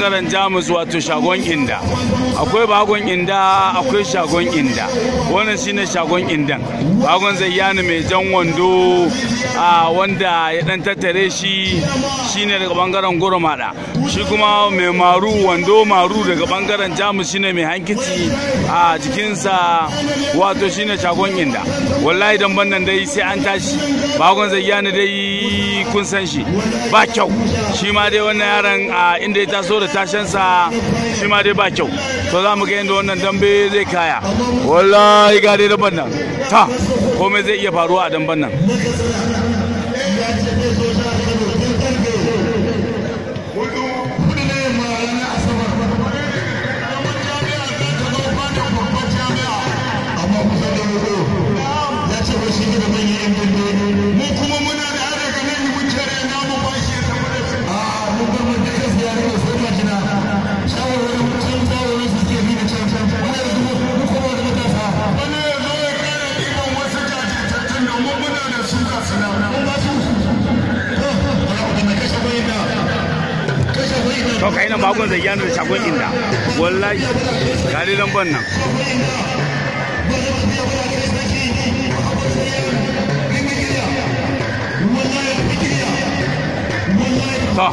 bangaren jamus wato shagon inda akwai bagon inda akwai shagon inda wannan shine shagon indan bagon zayyani mai jan wando a wanda ya dan tattare shi shine daga bangaren goromada shi kuma mai maru wando maru daga bangaren jamus shine mai hankici a jikinsa wato shine shagon inda wallahi dan bannan dai sai an tashi bagon zayyani dai kun san shi ba kyau shi ma dai wannan yaron a inda ya taso da tashansa shi ma dai ba kyau to za mu ga yadda wannan dambe zai kaya wallahi ga dai daban nan ta komai zai iya faruwa a damban nan shagon zayyana da shagon inda wallahi gari lamban nan ta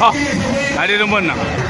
Ha, gari lamban nan.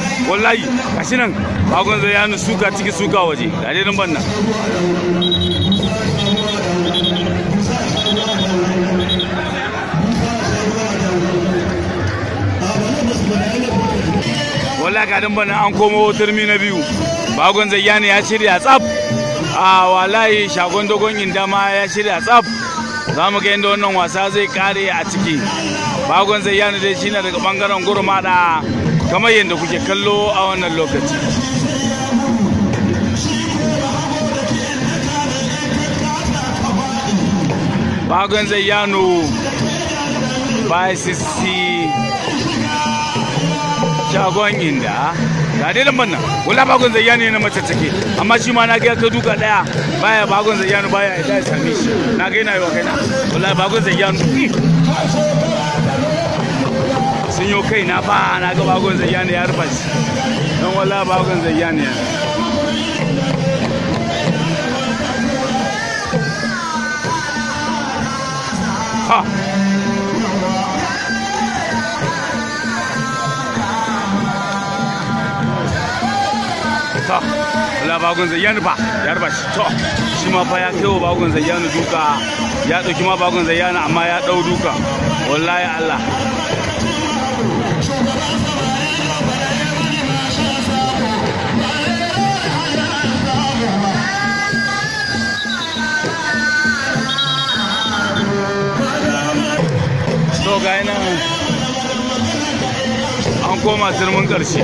wallahi gashi nan agon zai yanu suka ciki suka waje ga dai nan banna wallahi ga banna an komo turmi na biyu bagon zai yanu ya shirya tsaf a wallahi shagon dogon inda ma ya shirya tsaf za mu ga yadda wannan wasa zai kare a ciki bagon zai yanu shi shine daga bangaren gurma da kamar yadda kuke kallo a wannan lokaci bagon zai yano by sisi shagon inda ah, ga dai lambar nan wala bagon zai yano na mace amma shi ma na ga ka duka daya baya bagon zai yano baya ya same shi na ga yana yi wa kaina wula bagon zai yano hmm. sun yi kai na fa na ga bagon zai yana ya rufa shi don wala bagon zai yana ya ha Allah ba bagon zayyani fa ya rufa shi to shi ma fa ya kai ba bagon zayyani duka ya ɗauki ma ba bagon zayyani amma ya dau duka wallahi Allah koma turmin ƙarshe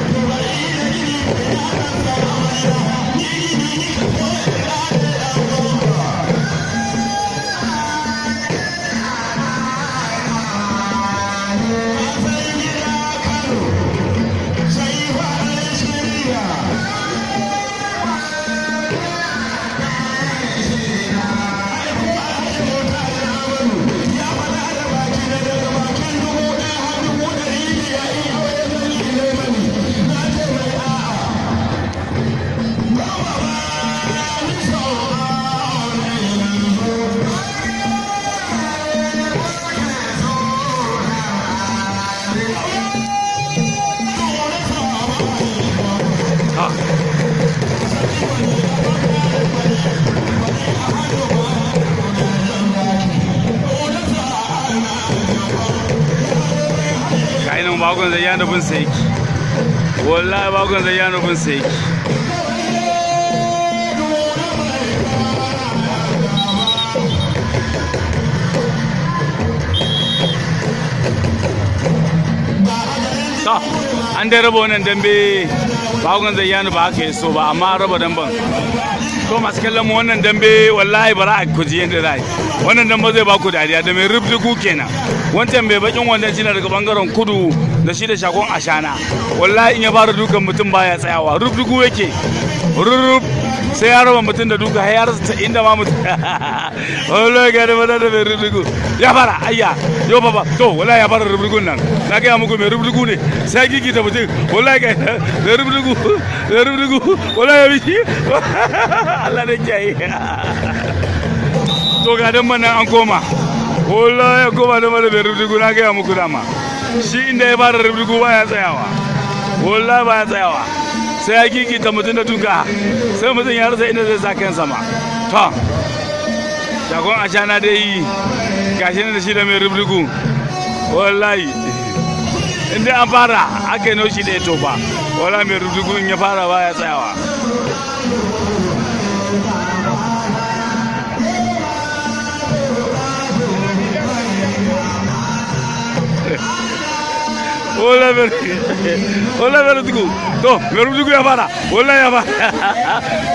bakon zai yana bin sai ki wallahi bakon zai yana bin sai ki to an dai raba wannan dambe bakon zai yana ba haka so ba amma raba damben to masu kallon mu wannan dambe wallahi bara a kuji yadda za a yi wannan dambe zai baku dariya da mai rubdugu kenan wancan mai bakin wannan shi daga bangaren kudu da shi da shagon ashana wallahi in ya fara dukan mutum baya tsayawa rub dugu yake rurrub sai ya raba mutum da duka har ya rasa inda ma mutum wallahi ga da mana da rub dugu ya fara ayya yo baba to wallahi ya fara rubdugun nan na ga muku mai dugu ne sai gigi ta mutum wallahi ga da rub dugu da rub dugu wallahi ya bishi Allah da kiyaye to ga dan mana an koma wallahi ya koma da mana mai rubdugu na ga muku dama shi inda ya fara rubdugu ba ya tsayawa wallahi ba ya tsayawa sai ya ta mutum da duka sai mutum ya rasa inda zai sa kansa ma to shagon ashana dai gashi da shi da mai rubdugu wallahi inda an fara aka yi naushi da ya ba wallahi mai rubdugu in ya fara ba ya tsayawa Ole berdugu. Ole berdugu. To, berdugu ya bara. Ole ya bara.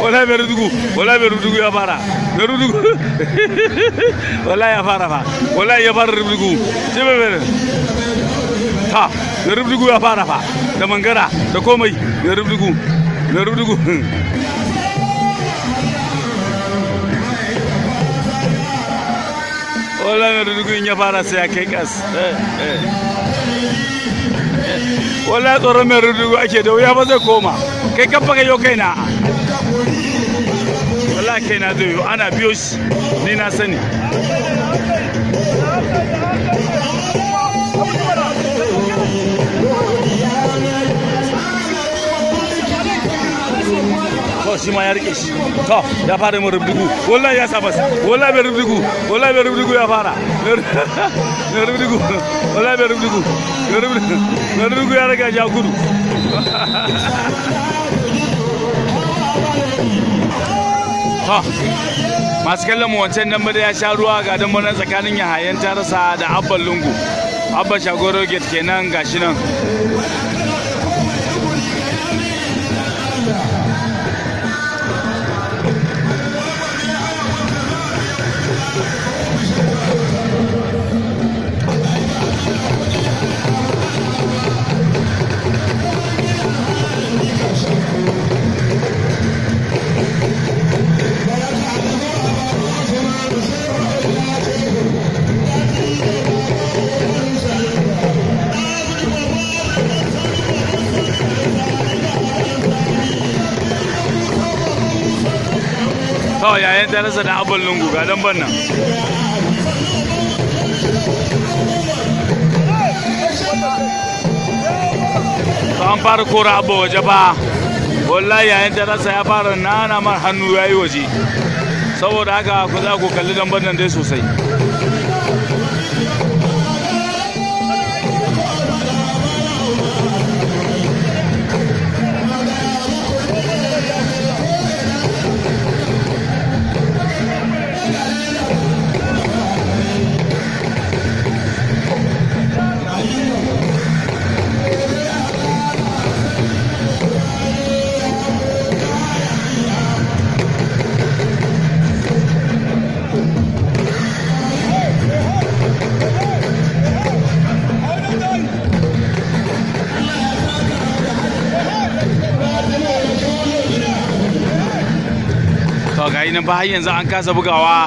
Ole berdugu. Ole berdugu ya bara. Berdugu. Ole ya bara ba. Ole ya bara berdugu. Cibe ber. Ta, berdugu ya bara ba. Da mangara, da komai. Berdugu. Berdugu. Ole berdugu ya bara sai kai kas. Eh, eh. wala tsoron mai rudugu ake da wuya ba zai koma kai kan baka yau kaina wala kaina zai yau ana biyo shi ni na sani to shi ma ya rike to ya fara rubdugu ya samu wallahi bai rubdugu wallahi bai rubdugu ya fara rubdugu rubdugu rubdugu ya riga ya gudu to masu kallon mu wancan dan bada ya sha ruwa ga dan bana tsakanin yahayen tarasa da abban lungu abban shagoro gate kenan gashi nan kawai yayin ta nasa da abin lungu ga dan bannan an fara kora abu waje ba wallahi yayin ta nasa ya fara nana mar hannu yi waje saboda haka ku za ku kalli dan nan dai sosai to ga nan ba yanzu an kasa bugawa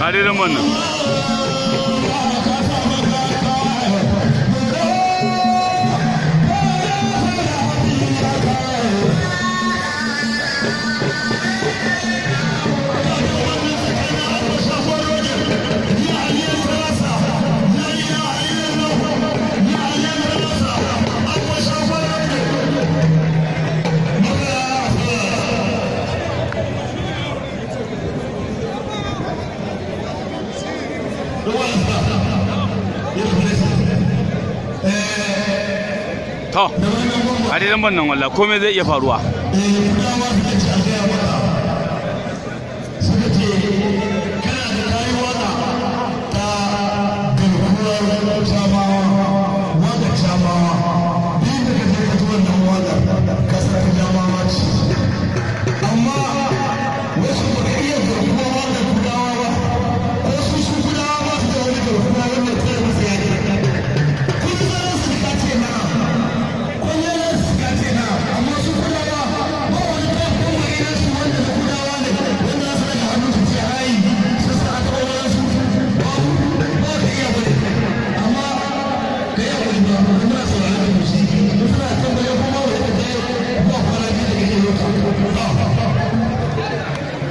Hadi da wannan. to a dai nan wannan walla komai zai iya faruwa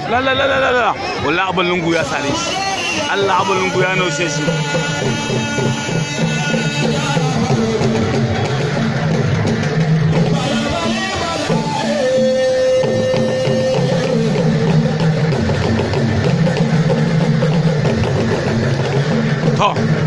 la la la la la wallahi abin lungu ya sare shi Allah abin lungu ya naushe shi Talk.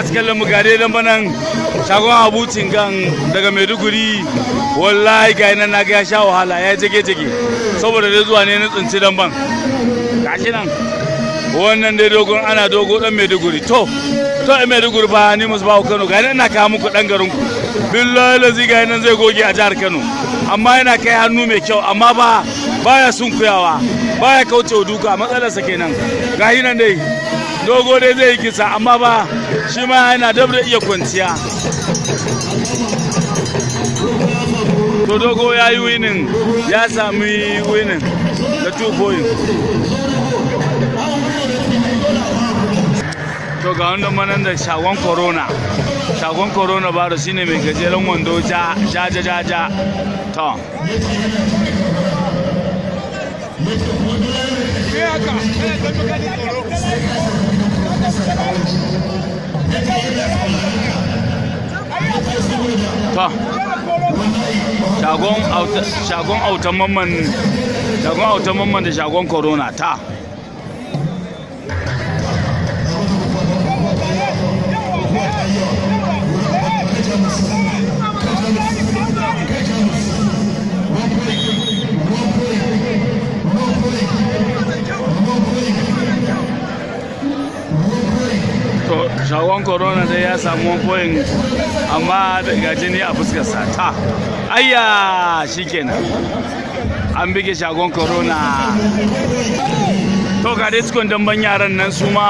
masu kallon mu gare dan banan shagon abucin kan daga maiduguri wallahi ga nan na ga sha wahala ya jage jage saboda dai zuwa ne na tsinci dan ban gashi nan wannan dai dogon ana dogo dan maiduguri to to a maiduguri ba ni musu ba kano ga nan na kawo muku dan garin ku billahi lazi ga nan zai goge a jihar kano amma yana kai hannu mai kyau amma ba baya sunkuyawa baya kaucewa duka matsalarsa kenan ga nan dai dogo dai zai yi kisa amma ba shi ma yana dab da iya kwanciya to dogo ya yi winin ya sami winin da two point to ga wanda manan da shagon corona shagon corona shi shine mai gajeren wando ja ja ja ja to Yeah, Ta shagon autan mamman shagon autan mamman da shagon corona ta shagon corona dai ya samu poin amma daga jini a fuskar sa ta ayya shikenan an bige shagon corona to ga dai cikin damban yaran nan su ma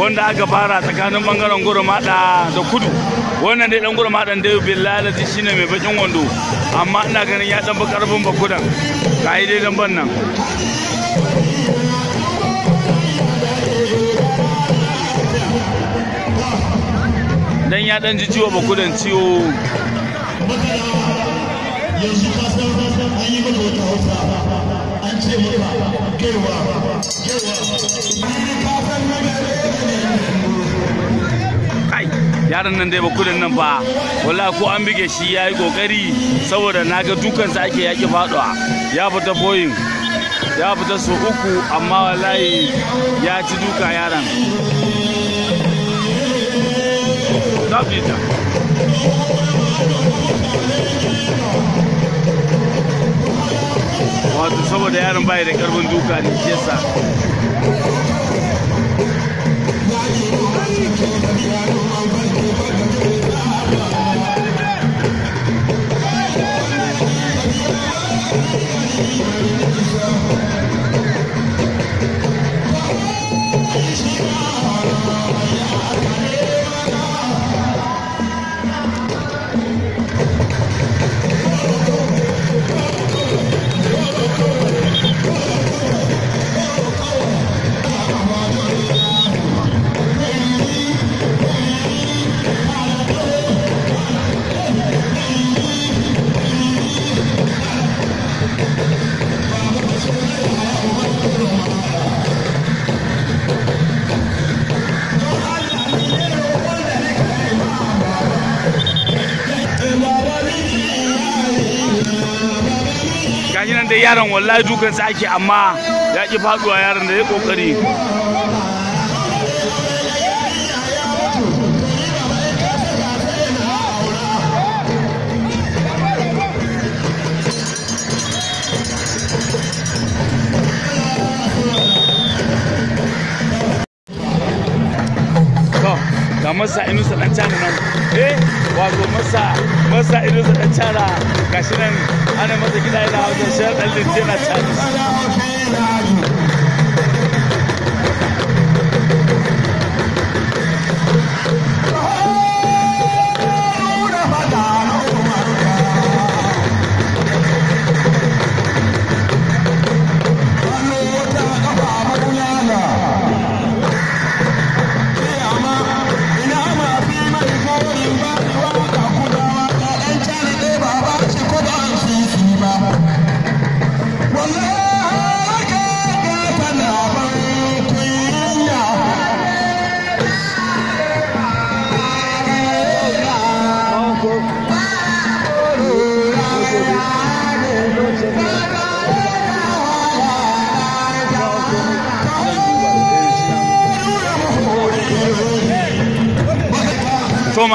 wanda aka fara tsakanin bangaren mada da kudu wannan dai dan da dai billahi shine mai bakin wando amma ina ganin ya dan bi karfin bakudan ga dai damban nan ya dan ji ciwo ba kudin ciwo yanzu ka san san an yi maka wata hausa an ce maka gaiwa yaron nan dai ba kudin nan ba walla ko an bige shi ya yi kokari saboda na ga dukansa ake yaki faɗuwa. ya fita boyin ya fita su uku amma wallahi ya ci duka yaron zabita wato saboda yaron bai da karfin duka ne shi yasa gashi nan dai yaron wallahi dukansa ake amma ya ki faduwa yaron da ya kokari masa inusa dan cana nan eh wato masa masa inusa dan cana gashi nan ana masa gida yana wajen shayar dan lince na cana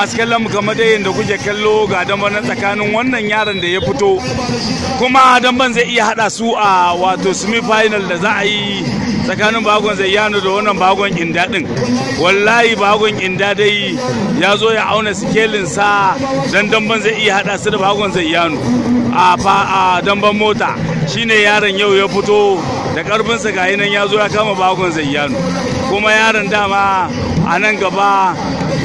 masu kallon mu kamar da yadda kuke kallo ga damban tsakanin wannan yaron da ya fito kuma damban zai iya hada su a wato semi final da za a yi tsakanin bagon zayyano da wannan bagon inda din wallahi bagon inda dai ya zo ya auna sikelin sa dan damban zai iya hada su da bagon zayyano a fa a damban mota shine yaron yau ya fito da karfinsa ga nan ya zo ya kama bagon zayyano kuma yaron dama a nan gaba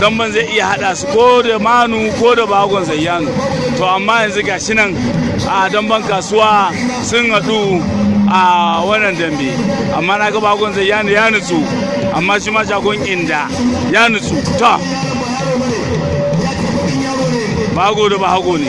ban zai iya haɗa su ko da manu ko da bagon zayyanu to amma yanzu ga shi nan a ban kasuwa sun haɗu a wannan dambe amma na ga bagon zayyanu ya nutsu amma shi ma shagon inda ya nutsu ta bago da bago ne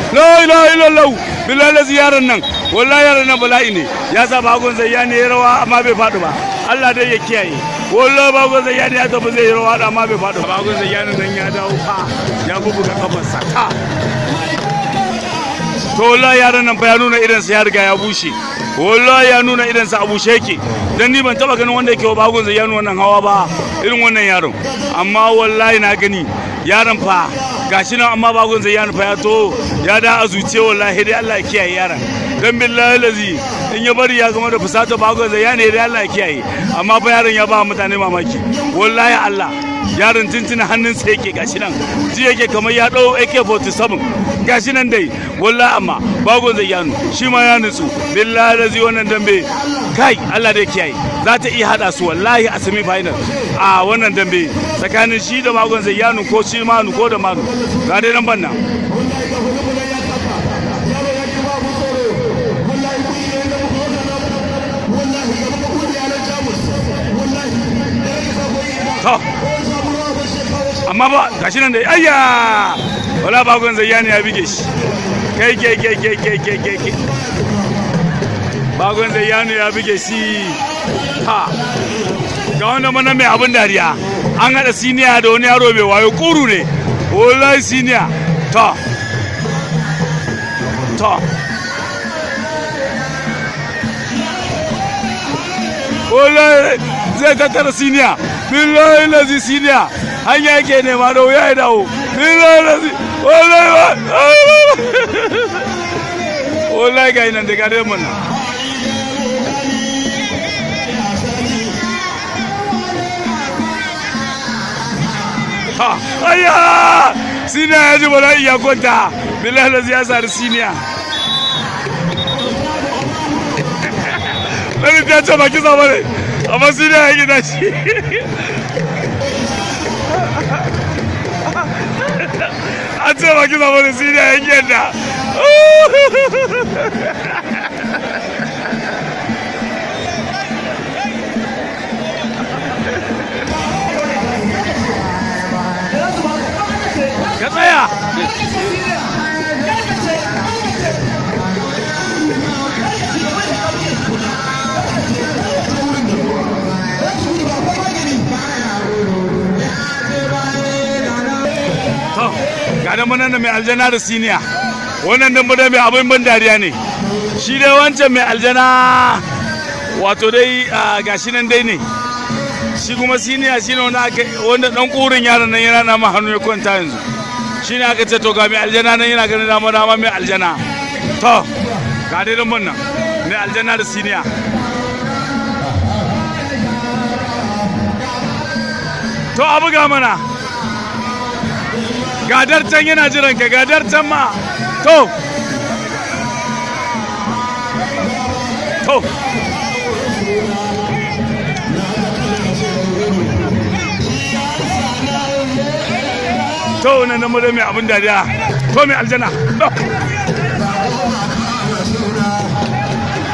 la ilaha illallah billahi lazi yaran nan wallahi yaran nan bala'i ne ya sa bagon zayyani ya rawa amma bai faɗi ba Allah dai ya kiyaye wallahi bagon zayyani ya tafi zai rawa amma bai faɗi ba bagon zayyani nan ya dawo fa ya bubuga kafarsa ta to wallahi yaran nan fa ya nuna irin sa ya riga ya bushe wallahi ya nuna irin sa a bushe yake dan ni ban taba ganin wanda yake wa bagon zayyani wannan hawa ba irin wannan yaron amma wallahi na gani yaron fa gashi nan amma bagon zai ya nufa ya to ya da a zuciya wallahi dai Allah ya kiyaye yara dan billahi lazi in ya bari ya gama da fusata bagon zai ya ne dai Allah ya kiyaye amma fa yaron ya ba mutane mamaki wallahi Allah yaron jinjina sa yake gashi nan ji yake kamar ya dau ak-47 gashi nan dai walla amma bagon zai yanu shi ma ya nutsu billahi da zai wannan dambe kai allah da kiyaye za ta iya hada su wallahi a semi final a wannan dambe tsakanin shi da bagon zai yanu ko shi nu ko da manu ga dai nan banna Oh. amma ba gashi nan dai ayya wala bagon zayyani ya bige shi kai kai kai kai kai kai kai kai bagon zayyani ya bige shi ha ga wanda mana mai abin dariya an hada siniya da wani yaro mai wayo kuru ne wallahi siniya ta ta wallahi zai tattara siniya billahi lazi siniya hanya yake nema da wuya ya dawo wallahi ba wallahi ga nan da gare mun ha ayya sina ya ji bala iya kwanta billahi da sa da siniya Lalle ta ce baki zama ne, amma siniya ya gina shi. ce baki zama da siriya yake da ka tsaya nan da mai aljana da siniya wannan dambe da mai abin ban dariya ne shi dai wancan mai aljana wato dai gashi nan dai ne shi kuma siniya shi ne wanda dan kurin yaron nan yana nama hannu ya kwanta yanzu shi ne aka ce to ga mai aljana nan yana ganin dama dama mai aljana to ga dai damban nan mai aljana da siniya to abu ga mana gadar can yana jiran ka gadar can ma to to to na na mure mai abin dariya to mai aljana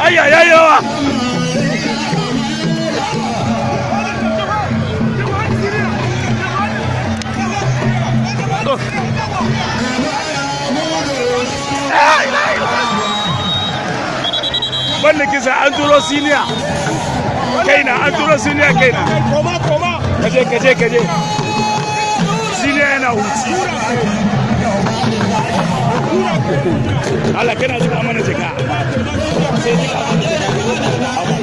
ayyayayawa banda kisa an turo siniya kaina an turo siniya kaina kaje kaje kaje siniya yana huci Allah kana zuba mana jika sai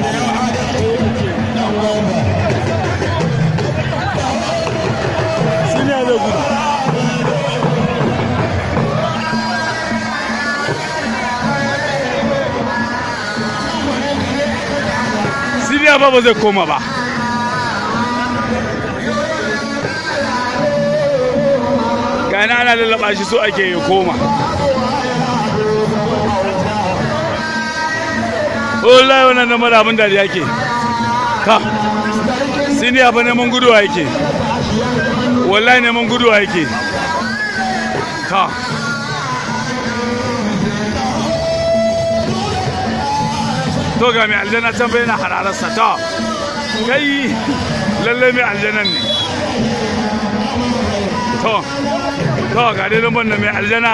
ba ba zai koma ba gani ana lallaba shi so ake ya koma wallahi wannan na mara abin da ke ka sini fa neman guduwa yake wallahi neman guduwa yake ka to ga mai aljana can bai na hararsa to kai lalle mai aljanan ne to to ga dai lambar na mai aljana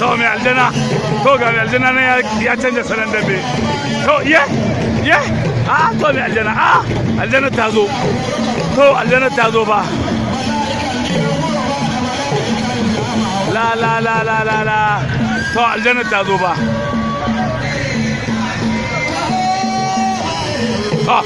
To mai aljana to ga mai aljana na ya canja salon dambe to iya iya a to mai aljana a aljana ta zo to aljana ta zo ba la la la la la la to aljana ta zo ba Ah!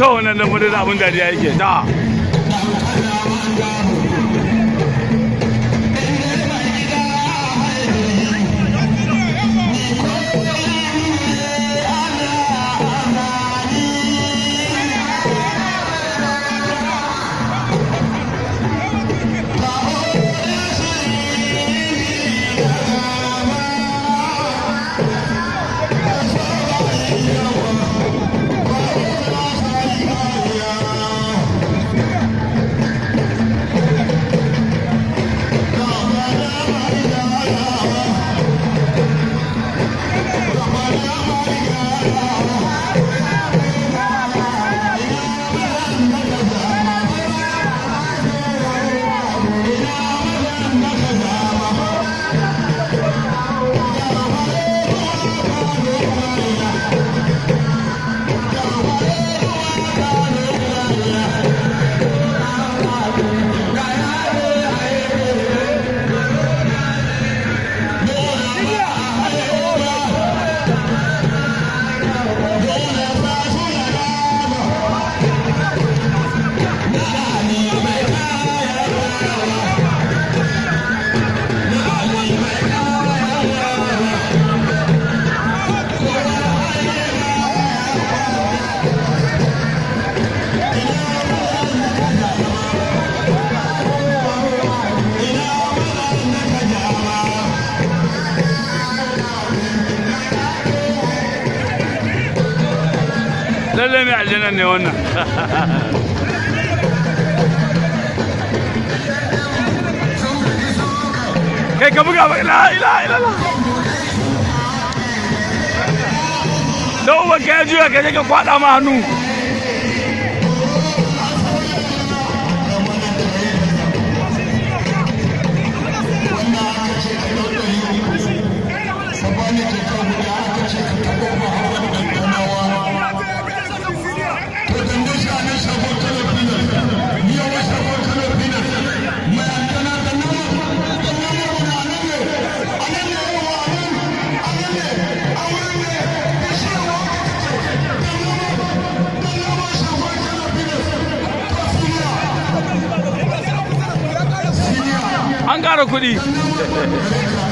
ta wannan da abin dariya yake ta bai ka buga ba ila ila ila don uban ka ya juya ka je ka kwada ma ƙara kuɗi